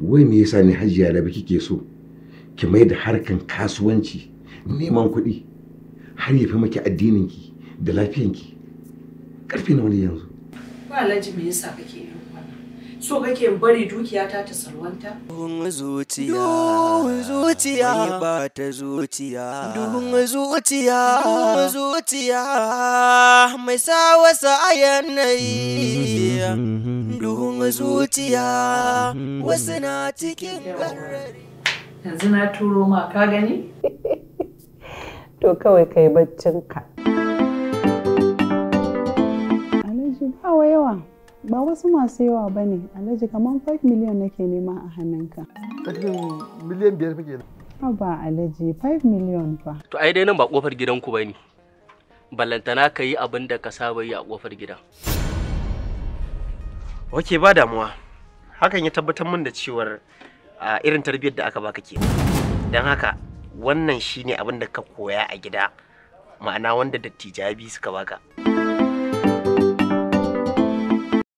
wai me yasa ni hajiya da baki ke so ki mai da harkan kasuwanci neman kuɗi har ya fi maki addininki da lafiyanki ƙarfi na wani yanzu ba alhaji me yasa kake yin so kake bari dukiyata ta salwanta? Duhun zuciya, duhun zuciya, ba ta zuciya, duhun zuciya, duhun zuciya, mai sa wasa a yanayi. zuciya wasu na cikin Yanzu na turo ma ka gani? To kawai kai baccinka. Alhaji ba wa yawa, ba wasu masu yawa ba ne. Alhaji kamar 5 miliyan nake nema a hannunka. Miliyan biyar fi kenan. ba Alhaji 5 miliyan fa. To ai dai nan ba kofar gidanku ba ne. Ballantana ka yi abin da ka saba yi a kofar gidan. oke ba damuwa hakan ya tabbatar min da cewar a irin tarbiyyar da aka baka ke don haka wannan shine abin da ka koya a gida ma'ana wanda dattijabi suka baka